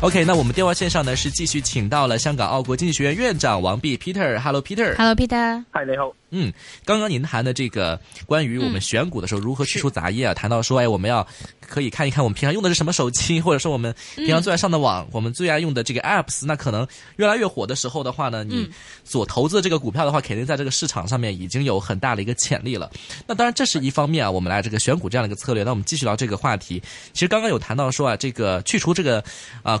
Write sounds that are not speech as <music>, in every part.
OK，那我們電話線上呢是繼續請到了香港澳國經濟學院院長王弼 Peter，Hello Peter，Hello Peter，嗨 Peter，Hello, Peter Hi, 你好。嗯，剛剛您談的這個關於我們選股的時候如何去除雜音啊，談到說哎，我們要可以看一看我們平常用的是什麼手機，或者說我們平常最愛上的網，嗯，我們最愛用的這個 Apps，那可能越來越火的時候的話呢，你所投資的這個股票的話，肯定在這個市場上面已經有很大的一個潛力了。那當然這是一方面啊，我們來這個選股這樣的一個策略。那我們繼續聊這個話題。其實剛剛有談到說啊，這個去除這個啊。呃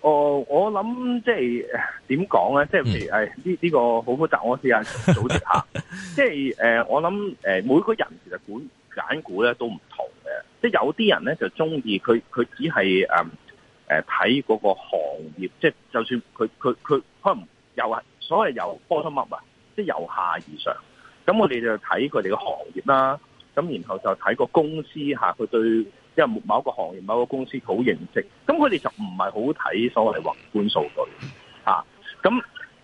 哦，我諗即係點講咧？即係譬如，誒呢呢、哎這個好複雜，我試下組織下。 <laughs> 即係誒、呃，我諗誒、呃，每個人其實揀揀股咧都唔同嘅。即係有啲人咧就中意佢，佢只係誒誒睇嗰個行業。即係就算佢佢佢可能由所謂由波 o t 啊，即係由下而上。咁我哋就睇佢哋嘅行業啦。咁然後就睇個公司吓，佢對。因為某個行業、某個公司好認識，咁佢哋就唔係好睇所謂宏觀數據，吓咁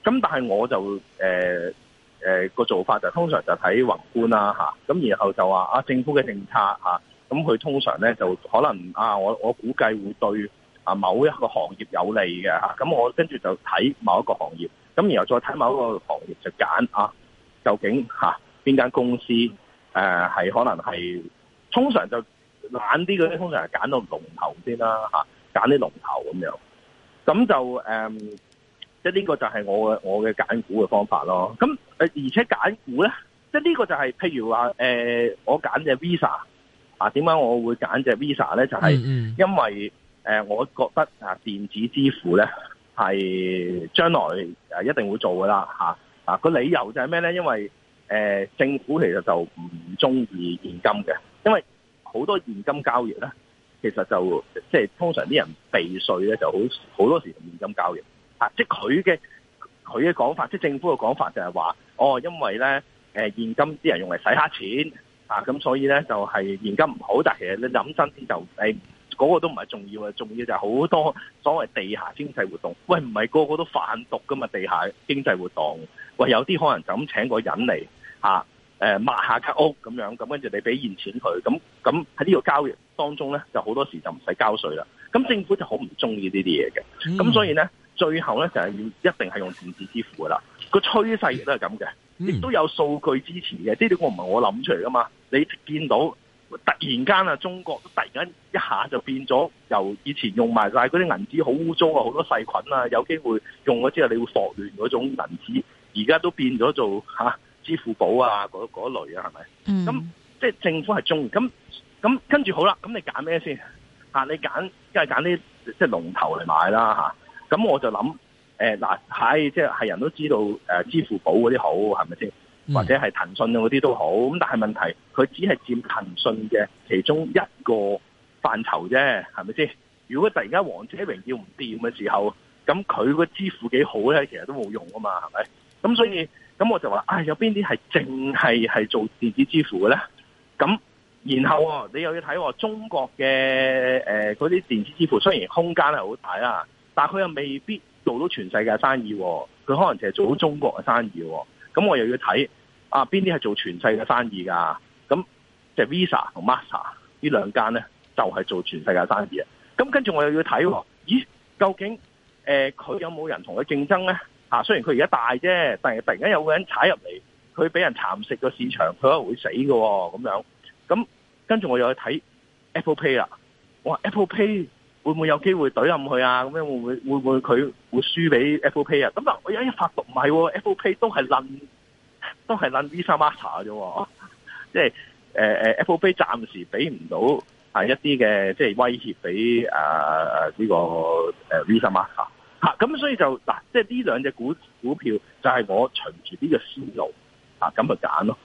咁。但係我就誒誒個做法就是、通常就睇宏觀啦，吓、啊、咁然後就話啊政府嘅政策吓，咁、啊、佢通常咧就可能啊我我估計會對啊某一個行業有利嘅，咁、啊、我跟住就睇某一個行業，咁、啊、然後再睇某一個行業就揀啊究竟吓邊間公司誒係、啊、可能係通常就。懶啲嗰啲通常係揀到龍頭先啦吓，揀啲龍頭咁樣，咁就誒，即係呢個就係我嘅我嘅揀股嘅方法咯。咁誒，而且揀股咧，即係呢個就係、是，譬如話誒、呃，我揀隻 Visa 啊，點解我會揀隻 Visa 咧？就係、是、因為誒，我覺得啊，電子支付咧係將來誒一定會做噶啦吓。啊，個、啊、理由就係咩咧？因為誒、呃，政府其實就唔中意現金嘅，因為。好多現金交易咧，其實就即係通常啲人避稅咧，就好好多時用現金交易啊！即係佢嘅佢嘅講法，即係政府嘅講法就係話：哦，因為咧誒現金啲人用嚟洗黑錢啊，咁所以咧就係現金唔好。但係其實你諗真啲就誒嗰個都唔係重要嘅，重要就係好多所謂地下經濟活動。喂，唔係個個都販毒噶嘛？地下經濟活動，喂，有啲可能就咁請個人嚟誒、呃，賣下間屋咁樣，咁跟住你俾現錢佢，咁咁喺呢個交易當中咧，就好多時就唔使交稅啦。咁政府就好唔中意呢啲嘢嘅，咁所以咧，最後咧就係要一定係用電子支付噶啦。個趨勢亦都係咁嘅，亦都有數據支持嘅。呢啲我唔係我諗出嚟噶嘛，你見到突然間啊，中國突然間一下就變咗由以前用埋晒嗰啲銀紙，好污糟啊，好多細菌啊，有機會用咗之後你會霍亂嗰種銀紙，而家都變咗做吓。支付寶啊，嗰嗰類、mm. 啊，係咪？咁即係政府係中意，咁咁跟住好啦，咁你揀咩先？吓，你揀梗係揀啲即係龍頭嚟買啦，吓。咁我就諗誒，嗱、哎，係、哎、即係人都知道誒、啊，支付寶嗰啲好，係咪先？Mm. 或者係騰訊嗰啲都好。咁但係問題，佢只係佔騰訊嘅其中一個範疇啫，係咪先？如果突然間王者榮耀唔掂嘅時候，咁佢個支付幾好咧？其實都冇用啊嘛，係咪？咁所以。咁我就話、哎，有邊啲係淨係係做電子支付嘅咧？咁然後、哦、你又要睇、哦、中國嘅誒嗰啲電子支付，雖然空間係好大啦，但係佢又未必做到全世界生意、哦。佢可能淨係做到中國嘅生意、哦。咁我又要睇啊，邊啲係做全世界生意噶？咁即、就是、Visa 同 Master 呢兩間咧，就係、是、做全世界生意。咁跟住我又要睇、哦，咦，究竟誒佢、呃、有冇人同佢競爭咧？啊，雖然佢而家大啫，但係突然間有個人踩入嚟，佢俾人蠶食個市場，佢可能會死嘅咁、哦、樣。咁跟住我又去睇 Apple Pay 啦。我話 Apple Pay 會唔會有機會隊冧佢啊？咁樣會唔會會唔會佢會輸俾 Apple Pay 啊？咁啊，我有一發覺唔係 <laughs> Apple Pay 都係撚都係撚 Visa Master 啫。即係誒誒 Apple Pay 暫時俾唔到係一啲嘅即係威脅俾誒誒呢個誒 Visa Master 啊，咁所以就嗱、啊，即係呢兩隻股股票，就係我循住呢個思路啊，咁去揀咯。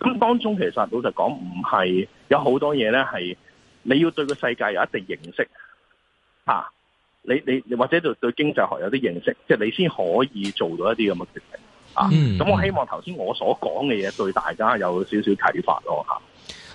咁、啊、當中其實老實講，唔係有好多嘢咧，係你要對個世界有一定認識啊，你你，你或者就對經濟學有啲認識，即係你先可以做到一啲咁嘅決定啊。咁、嗯嗯嗯啊、我希望頭先我所講嘅嘢對大家有少少啟發咯，吓、啊。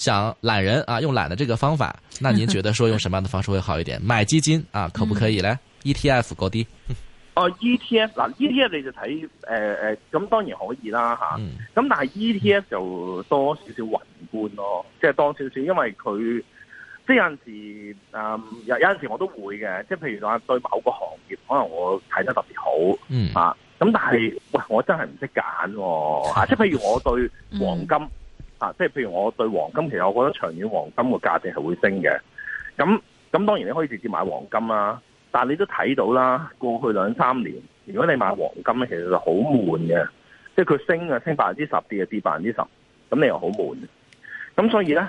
想懶人啊，用懶的這個方法，那您覺得說用什麼樣的方式會好一點？買基金啊，可不可以咧、嗯、？E T F 夠低？哦，E T F 嗱 E T F 你就睇誒誒，咁、呃呃嗯嗯、當然可以啦吓，咁、啊、但係 E T F 就多少少宏觀咯，即係多少少，因為佢即係有陣時誒、嗯、有有陣時我都會嘅，即係譬如話對某個行業可能我睇得特別好，咁、啊、但係喂、呃、我真係唔識揀，啊，即係譬如我對黃金。嗯嗯即、啊，即係譬如我對黃金，其實我覺得長遠黃金個價值係會升嘅。咁咁當然你可以直接買黃金啦，但係你都睇到啦，過去兩三年如果你買黃金咧，其實就好悶嘅，即係佢升啊升百分之十，跌啊跌百分之十，咁你又好悶。咁所以咧，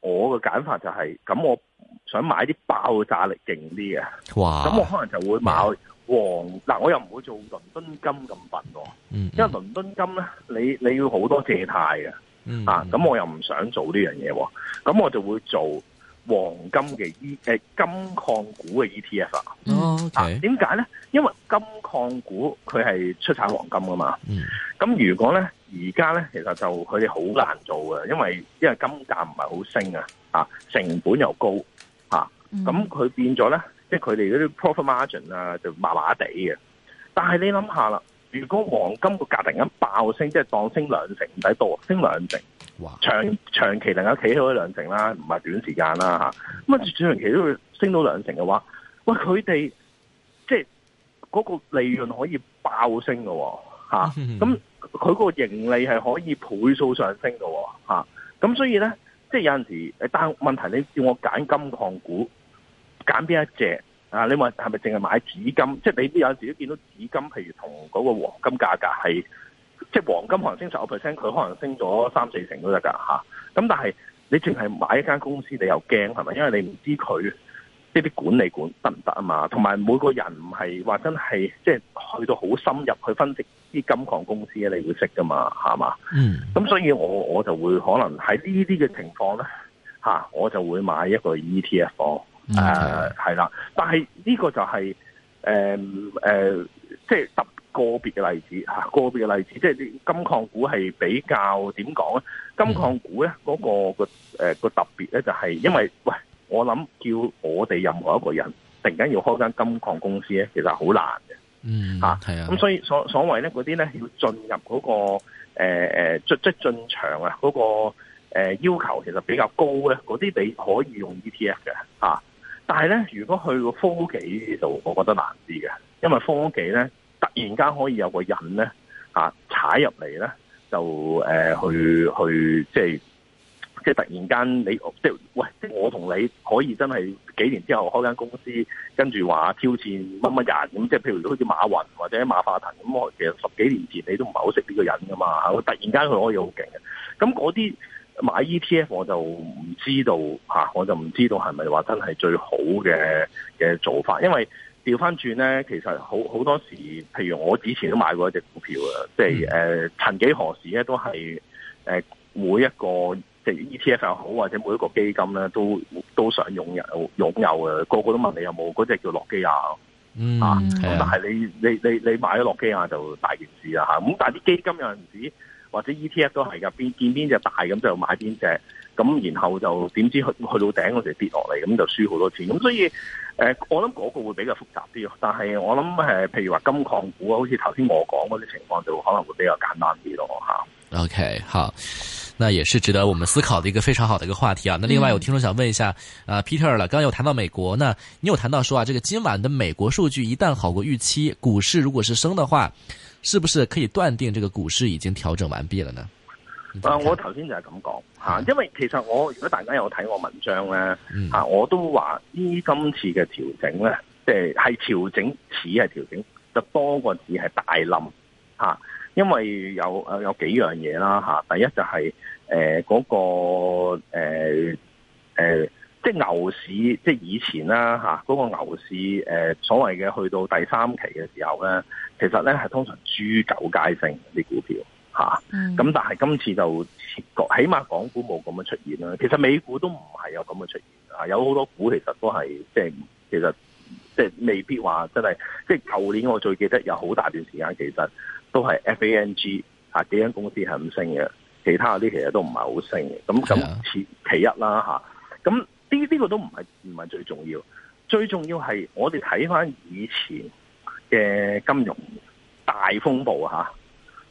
我個揀法就係，咁我想買啲爆炸力勁啲嘅。哇！咁我可能就會買黃，嗱，啊，我又唔會做倫敦金咁笨㗎。嗯。因為倫敦金咧，你你要好多借貸嘅。嗯啊，咁我又唔想做呢樣嘢，哦，咁我就會做黃金嘅 E 誒金礦股嘅 ETF 啊。OK. 點解咧？因為金礦股佢係出產黃金噶嘛。嗯。咁如果咧，而家咧，其實就佢哋好難做嘅，因為因為金價唔係好升啊，啊成本又高啊。咁、嗯、佢、啊、變咗咧，即係佢哋嗰啲 profit margin 啊，就麻麻地嘅。但係你諗下啦。如果黃金個價突然間爆升，即係當升兩成唔使多，升兩成。長，長期能夠企喺兩成啦，唔係短時間啦嚇。咁啊，長期都會升到兩成嘅話，喂佢哋即係嗰、嗰個利潤可以爆升嘅喎。咁佢個盈利係可以倍數上升嘅喎。咁所以咧，即係有陣時，但問題你叫我揀金礦股，揀邊一隻？啊！你話係咪淨係買紙金？即係你有陣時都見到紙金，譬如同嗰個黃金價格係，即係黃金可能升十二 percent，佢可能升咗三四成都得噶吓。咁、啊、但係你淨係買一間公司，你又驚係咪？因為你唔知佢呢啲管理管得唔得啊嘛。同埋每個人唔係話真係即係去到好深入去分析啲金礦公司啊，你會識噶嘛？係嘛？嗯。咁所以我我就會可能喺呢啲嘅情況咧，吓、啊、我就會買一個 ETF。誒、嗯，係啦、啊呃，但係呢個就係誒誒，即係特個別嘅例子吓，個別嘅例子，即係金礦股係比較點講咧？金礦股咧嗰、嗯那個個誒、呃、個特別咧，就係、是、因為喂，我諗叫我哋任何一個人突然間要開間金礦公司咧，其實好難嘅，嗯吓係啊，咁、啊嗯、所以所所謂咧嗰啲咧要進入嗰、那個誒誒、呃、即即進場啊、那個誒、呃、要求其實比較高咧，嗰啲你可以用 ETF 嘅吓。啊但係咧，如果去到科技度，就我覺得難啲嘅，因為科技咧突然間可以有個人咧，啊、踩入嚟咧，就誒、呃、去去即係即係突然間你即係喂，即係我同你可以真係幾年之後開間公司，跟住話挑戰乜乜人咁，即係譬如好似馬雲或者馬化騰咁，我其實十幾年前你都唔係好識呢個人噶嘛，突然間佢可以好勁嘅，咁嗰啲。買 E T F 我就唔知道吓，我就唔知道係咪話真係最好嘅嘅做法，因為調翻轉咧，其實好好多時，譬如我以前都買過一隻股票啊，即係誒，曾、即係呃、幾何時咧都係誒、呃，每一個即係 E T F 又好或者每一個基金咧都都想擁有擁有嘅，個個都問你有冇嗰隻叫諾基亞，嗯，啊、但係你你你你買咗諾基亞就大件事啦吓，咁、啊、但係啲基金有陣時。或者 ETF 都係㗎，邊見邊隻大咁就買邊隻，咁然後就點知去去到頂嗰時跌落嚟，咁就輸好多錢。咁所以誒，我諗嗰個會比較複雜啲，但係我諗誒，譬如話金礦股啊，好似頭先我講嗰啲情況，就可能會比較簡單啲咯嚇。OK 嚇。那也是值得我們思考的一個非常好的一個話題啊！那另外有聽眾想問一下，嗯、啊 Peter 啦，剛才有談到美國，呢你有談到說啊，這個今晚的美國數據一旦好過預期，股市如果是升的話，是不是可以斷定這個股市已經調整完畢了呢？啊，我頭先就係咁講吓，因為其實我如果大家有睇我文章咧吓、啊，我都話呢今次嘅調整咧，即係係調整似係調整，就、呃、多過似係大冧吓。啊因為有有幾樣嘢啦吓，第一就係誒嗰個誒誒、呃呃，即係牛市，即係以前啦吓，嗰、那個牛市誒、呃，所謂嘅去到第三期嘅時候咧，其實咧係通常豬狗皆升啲股票吓，咁、嗯、但係今次就起碼港股冇咁樣出現啦。其實美股都唔係有咁嘅出現啊，有好多股其實都係即係其實即係未必話真係，即係舊年我最記得有好大段時間其實。都係 FANG 吓、啊、幾間公司係咁升嘅，其他啲其實都唔係好升嘅。咁咁其其一啦吓，咁呢啲個都唔係唔係最重要。最重要係我哋睇翻以前嘅金融大風暴、啊、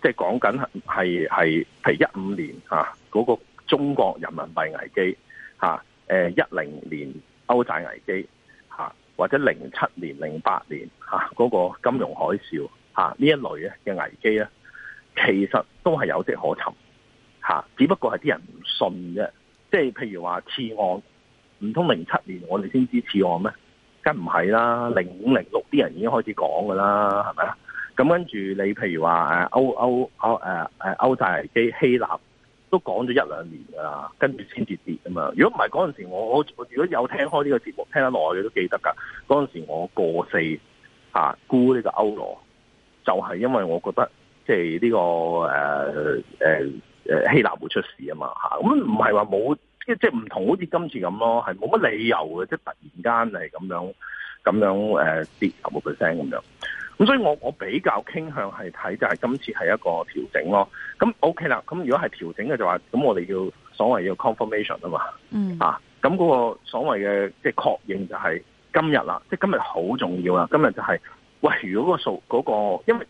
即係講緊係係係譬如一五年嗰、啊那個中國人民幣危機嚇，誒一零年歐債危機、啊、或者零七年零八年嗰、啊那個金融海嘯。吓、啊、呢一類嘅危機咧，其實都係有跡可尋，吓、啊、只不過係啲人唔信啫。即係譬如話次按，唔通零七年我哋先知次按咩？梗唔係啦，零五零六啲人已經開始講噶啦，係咪啊？咁跟住你譬如話誒歐歐歐誒誒歐債危機希臘都講咗一兩年噶啦，跟住先至跌啊嘛。如果唔係嗰陣時我我如果有聽開呢個節目聽得耐嘅都記得噶，嗰陣時我過四吓、啊、估呢個歐羅。就係、是、因為我覺得即係呢個誒誒誒希臘會出事嘛啊嘛嚇，咁唔係話冇即即係唔同好似今次咁咯，係冇乜理由嘅，即、就、係、是、突然間係咁樣咁樣誒跌十個 percent 咁樣。咁、啊啊、所以我我比較傾向係睇就係今次係一個調整咯。咁 OK 啦，咁如果係調整嘅就話，咁我哋要所謂要 confirmation 啊嘛，嗯啊，咁嗰個所謂嘅即係確認就係今日啦，即、就、係、是、今日好重要啦，今日就係、是。喂，如果個數嗰、個，因為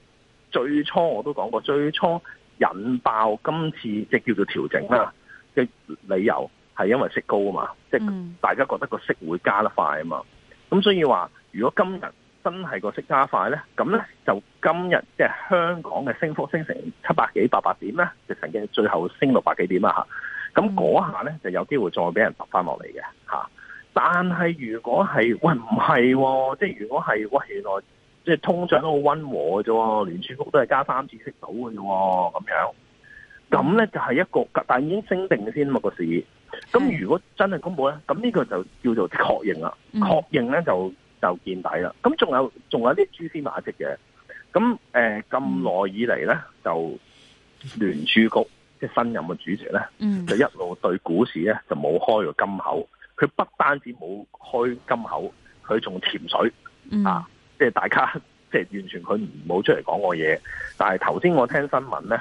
最初我都講過，最初引爆今次即叫做調整啦嘅理由係因為息高啊嘛，即、嗯就是、大家覺得個息會加得快啊嘛。咁所以話，如果今日真係個息加快咧，咁咧就今日即係香港嘅升幅升成七百幾八百點咧，就成嘅最後升六百幾點啦嚇。咁嗰下咧就有機會再俾人踏翻落嚟嘅嚇。但係如果係喂唔係，即係、哦就是、如果係喂原來。即係通脹都好溫和嘅啫，聯儲局都係加三次息到嘅啫。咁樣咁咧就係一個但已經升定嘅先嘛個市。咁如果真係公布咧，咁呢個就叫做確認啦。確認咧就就見底啦。咁仲有仲有啲蛛絲馬跡嘅。咁誒咁耐以嚟咧，就聯儲局即係、就是、新任嘅主席咧，就一路對股市咧就冇開過金口，佢不單止冇開金口，佢仲潛水啊。嗯即、就、係、是、大家，即、就、係、是、完全佢唔好出嚟講我嘢。但係頭先我聽新聞咧，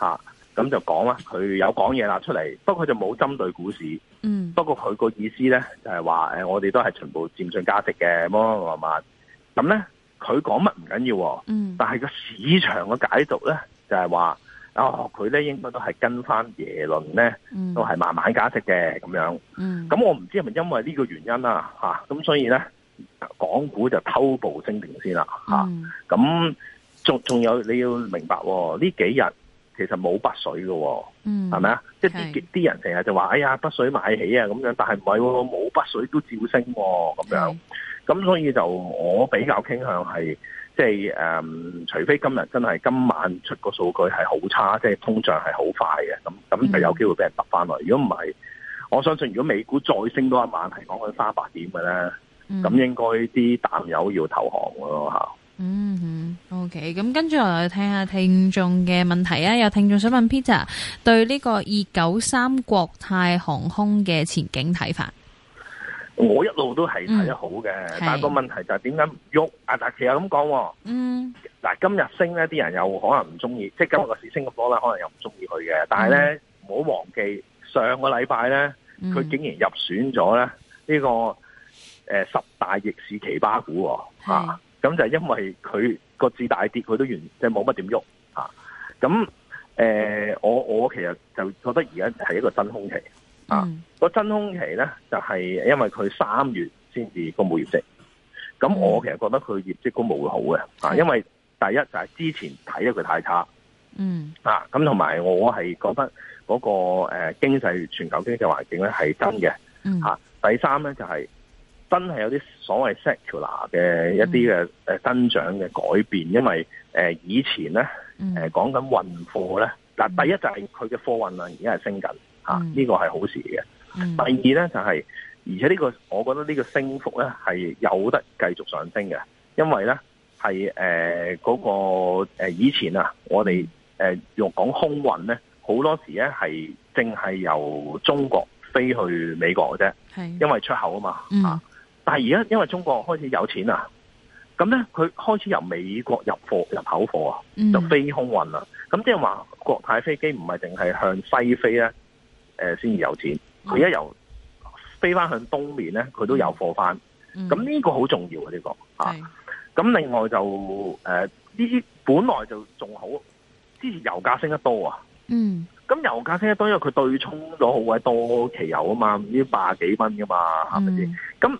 吓、啊、咁就講啦，佢有講嘢啦出嚟，不過佢就冇針對股市。嗯，不過佢個意思咧就係、是、話，誒、呃，我哋都係全部漸進加息嘅咁樣。咁咧佢講乜唔緊要。嗯，但係個市場嘅解讀咧就係、是、話，佢、哦、咧應該都係跟翻耶倫咧、嗯，都係慢慢加息嘅咁樣。嗯，咁我唔知係咪因為呢個原因啦、啊，吓、啊、咁所以咧。港股就偷步升定先啦，吓，咁仲仲有你要明白呢、哦、幾日其實冇、哦嗯、北水喎，係咪啊？即係啲啲人成日就話哎呀北水買起啊咁樣，但係唔係，冇北水都照升、哦，咁樣咁所以就我比較傾向係即係誒，除非今日真係今晚出個數據係好差，即、就、係、是、通脹係好快嘅，咁咁就有機會俾人揼翻落。如果唔係，我相信如果美股再升多一晚，係講緊花八點嘅咧。咁應該啲淡友要投降咯吓。嗯嗯，OK。咁跟住我哋聽下聽眾嘅問題啊。有聽眾想問 Peter 對呢個二九三國泰航空嘅前景睇法。我一路都係睇得好嘅，但係個問題就係點解唔喐？啊，但係其實咁講，嗯，嗱，今日升咧，啲人又可能唔中意，即係今日個市升咁多咧，可能又唔中意佢嘅。但係咧，唔好忘記上個禮拜咧，佢竟然入選咗咧呢個。誒，十大逆市奇葩股喎，咁、啊、就係因為佢個字大跌，佢都完即係冇乜點喐咁誒，我我其實就覺得而家係一個真空期啊。個、嗯、真空期咧，就係、是、因為佢三月先至公布業績，咁、嗯、我其實覺得佢業績都冇會好嘅、啊、因為第一就係之前睇咗佢太差，嗯咁同埋我係覺得嗰個誒經濟、嗯、全球經濟環境咧係真嘅，吓、嗯啊、第三咧就係、是。真係有啲所謂 secular 嘅一啲嘅、嗯、增長嘅改變、嗯，因為以前咧誒、嗯、講緊運貨咧，嗱、嗯、第一就係佢嘅貨運量已經係升緊嚇，呢個係好事嘅、嗯。第二咧就係、是、而且呢、呢個，我覺得呢個升幅咧係有得繼續上升嘅，因為咧係誒嗰個以前啊，我哋誒、呃、用講空運咧，好多時咧係淨係由中國飛去美國嘅啫，因為出口嘛、嗯、啊嘛。但係而家因為中國開始有錢啦，咁咧佢開始由美國入貨入口貨啊，就飛空運啦。咁即係話國泰飛機唔係淨係向西飛咧，誒先至有錢。佢、哦、一由飛翻向東面咧，佢都有貨翻。咁、嗯、呢個好重要啊！呢、這個吓。咁、啊、另外就誒呢啲本來就仲好，之前油價升得多啊。嗯。咁油價升得多，因為佢對沖咗好鬼多期油啊嘛，呢啲八十幾蚊噶嘛，係咪先？咁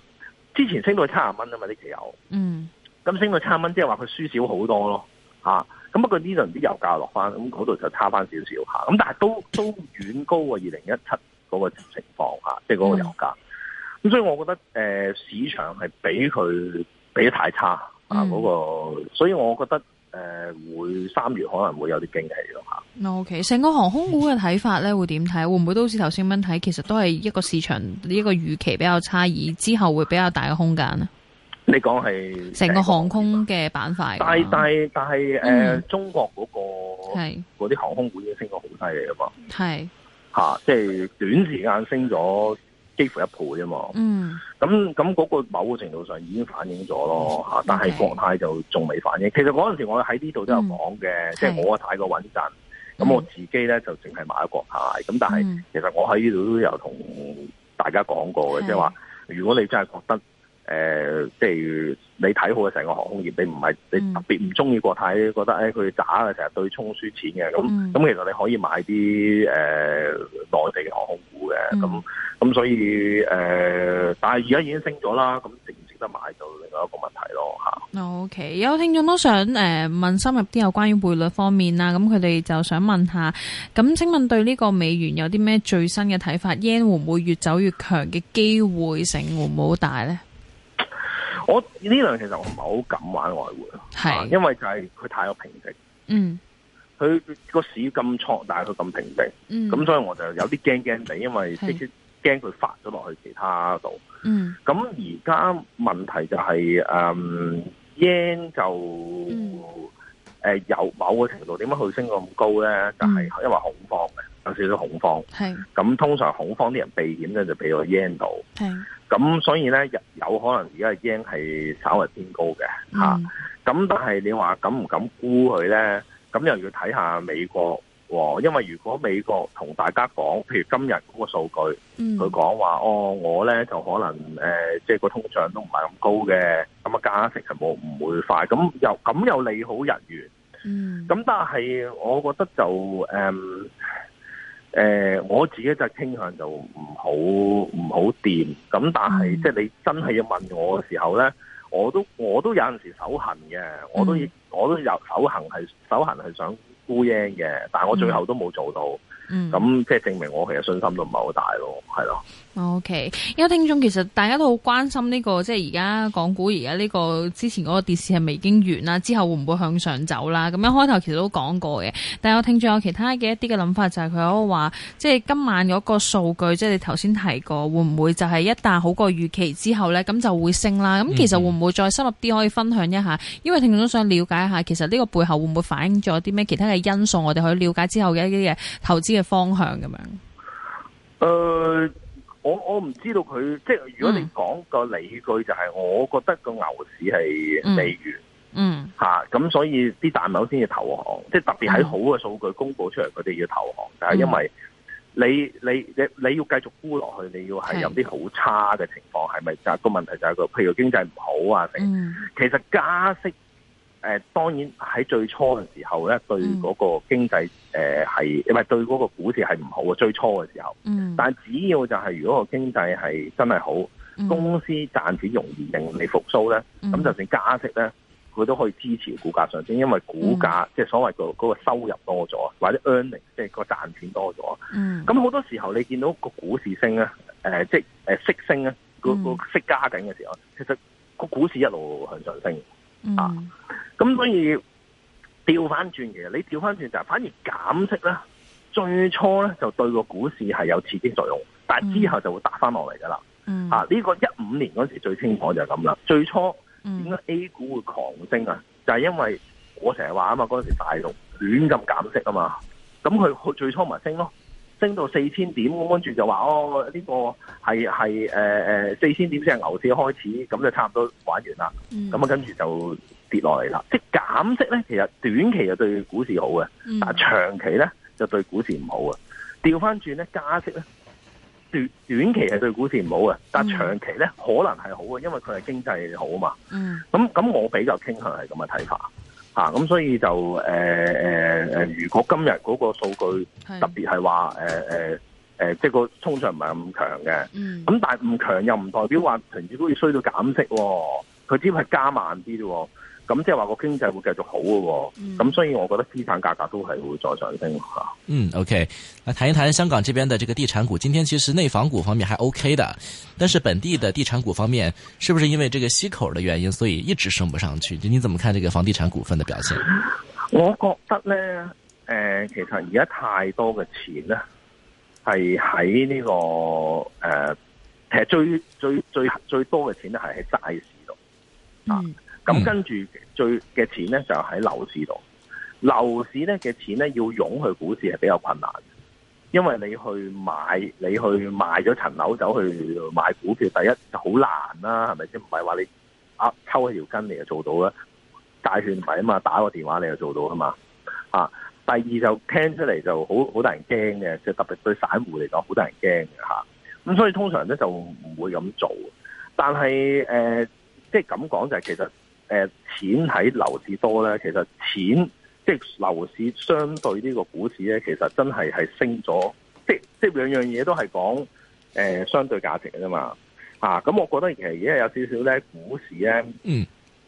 之前升到去七十蚊啊嘛，啲油，嗯，咁升到七十蚊，即係話佢輸少好多咯，吓、啊，咁不過呢輪啲油價落翻，咁嗰度就差翻少少吓，咁、啊、但係都都遠高過二零一七嗰個情況吓，即係嗰個油價，咁所以我覺得誒、呃，市場係俾佢俾得太差啊、嗰個，所以我覺得。誒，會三月可能會有啲驚喜咯吓。嗱，OK，成個航空股嘅睇法咧，會點睇？會唔會都似頭先咁睇？其實都係一個市場呢一個預期比較差異，之後會比較大嘅空間啊。你講係成個航空嘅板塊。大 <laughs> 大 <laughs> 但係誒、呃，中國嗰、那個嗰個係嗰啲航空股已經升咗好犀利噶嘛？係吓、啊，即係短時間升咗。幾乎一倍啊嘛，咁咁嗰個某個程度上已經反映咗咯吓，但係國泰就仲未反映。其實嗰陣時我喺呢度都有講嘅，即、嗯、係、就是、我太過穩陣，咁、嗯、我自己咧就淨係買咗國泰。咁但係、嗯、其實我喺呢度都有同大家講過嘅，即係話如果你真係覺得。誒、呃，即係你睇好嘅成個航空業，你唔係你特別唔中意國泰，嗯、覺得咧佢渣啊，成日對沖輸錢嘅咁，咁、嗯、其實你可以買啲誒內地嘅航空股嘅，咁、嗯、咁所以誒、呃，但係而家已經升咗啦，咁值唔值得買就另外一個問題咯吓。OK，有聽眾都想誒、呃、問深入啲有關於匯率方面啊，咁佢哋就想問下，咁請問對呢個美元有啲咩最新嘅睇法？日圓會唔會越走越強嘅機會性會唔會好大咧？我呢兩其實我唔係好敢玩外匯係、啊、因為就係佢太有平靜，嗯，佢、這個市咁挫但係佢咁平靜，咁、嗯嗯、所以我就有啲驚驚地，因為即係驚佢發咗落去其他度，嗯，咁而家問題就係誒 yen 就誒、呃、有某個程度，點解佢升咁高咧？就係、是、因為恐慌嘅。有少少恐慌，係咁通常恐慌啲人避險咧，就俾個 yen 度，係咁所以咧有可能而家 yen 係稍微偏高嘅，吓、嗯、咁、啊、但係你話敢唔敢沽佢咧？咁又要睇下美國、哦，因為如果美國同大家講，譬如今日嗰個數據，佢講話哦，我咧就可能誒，即、呃、係、就是、個通脹都唔係咁高嘅，咁啊，加息係冇唔會快，咁又咁又利好日元，嗯，咁但係我覺得就誒。嗯誒、呃，我自己就傾向就唔好唔好掂，咁但係、嗯、即係你真係要問我嘅時候咧，我都我都有陣時手痕嘅，我都我都有手痕係手痕係想沽應嘅，但係我最後都冇做到，咁、嗯、即係證明我其實信心都唔係好大咯，係咯。O K，因為聽眾其實大家都好關心呢個即係而家港股而家呢個之前嗰個跌勢係咪已經完啦？之後會唔會向上走啦？咁樣開頭其實都講過嘅，但係我聽眾有其他嘅一啲嘅諗法，就係佢有話即係今晚嗰個數據，即係你頭先提過，會唔會就係一旦好過預期之後呢，咁就會升啦？咁其實會唔會再深入啲可以分享一下？因為聽眾都想了解一下，其實呢個背後會唔會反映咗啲咩其他嘅因素？我哋可以了解之後嘅一啲嘅投資嘅方向咁樣。誒、呃。我我唔知道佢，即、就、係、是、如果你講個理據，嗯、就係、是、我覺得個牛市係未完，嗯咁、嗯啊、所以啲大馬先要投降，即、就、係、是、特別喺好嘅數據公布出嚟，佢、嗯、哋要投降，但、嗯、係因為你你你你要繼續沽落去，你要係有啲好差嘅情況，係咪？就個問題就係、是、個，譬如經濟唔好啊、嗯，其實加息。誒，當然喺最初嘅時候咧、嗯，對嗰個經濟誒係唔係對嗰個股市係唔好嘅。最初嘅時候，嗯、但係只要就係如果個經濟係真係好、嗯，公司賺錢容易令你復蘇咧，咁、嗯、就算加息咧，佢都可以支持股價上升，因為股價即係所謂個個收入多咗，或者 earning 即係個賺錢多咗。咁、嗯、好多時候你見到個股市升咧，誒即係誒息升咧，個個息加緊嘅時候，嗯、其實個股市一路向上升。嗯、啊，咁所以調翻轉，其實你調翻轉就是、反而減息咧，最初咧就對個股市係有刺激作用，但係之後就會打翻落嚟噶啦。啊，呢、這個一五年嗰時最清楚就係咁啦。最初點解 A 股會狂升啊？就係、是、因為我成日話啊嘛，嗰時大陸亂咁減息啊嘛，咁佢去最初咪升咯。升到四千點，咁跟住就話哦，呢、呢個係四千點先係牛市開始，咁就差唔多玩完啦。咁、嗯、啊跟住就跌落嚟啦。即係減息咧，其實短期就對股市好嘅，但係長期咧就對股市唔好嘅。調翻轉咧，加息咧短短期係對股市唔好嘅，但係長期咧可能係好嘅，因為佢係經濟好啊嘛。咁、嗯、咁我比較傾向係咁嘅睇法。咁、啊、所以就、呃呃、如果今日嗰個數據特別係話，誒誒誒，即係通脹唔係咁強嘅，咁、嗯、但係唔強又唔代表話，成隻都需要衰到減息喎、哦，佢只係加慢啲啫、哦。咁即係話個經濟會繼續好嘅，咁、嗯、所以我覺得資產價格都係會再上升吓。嗯，OK，嚟談一談香港這邊嘅這個地產股。今天其實內房股方面還 OK 的，但是本地的地產股方面，是不是因為這個息口的原因，所以一直升不上去？就你怎麼看這個房地產股份的表現？我覺得呢，誒、呃，其實而家太多嘅錢呢、這個，係喺呢個誒，其實最最最最多嘅錢呢，係喺債市度啊。嗯咁、嗯、跟住最嘅錢咧就喺樓市度，樓市咧嘅錢咧要湧去股市係比較困難，因為你去買你去賣咗層樓走去買股票，第一就好難啦、啊，係咪先？唔係話你啊抽起條筋你就做到啦，大團體啊嘛，打個電話你就做到啊嘛，第二就聽出嚟就好好多人驚嘅，即係特別對散戶嚟講好多人驚嘅吓。咁所以通常咧就唔會咁做，但係、呃、即係咁講就係、是、其實。誒，錢喺樓市多咧，其實錢即係樓市相對呢個股市咧，其實真係係升咗，即即兩樣嘢都係講誒相對價值嘅啫嘛。嚇、啊，咁我覺得其實而家有少少咧，股市咧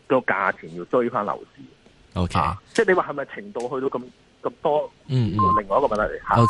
個價錢要追翻樓市。O、okay. K，、啊、即係你話係咪程度去到咁咁多？嗯、mm -hmm. 另外一個問題嚟。啊 okay.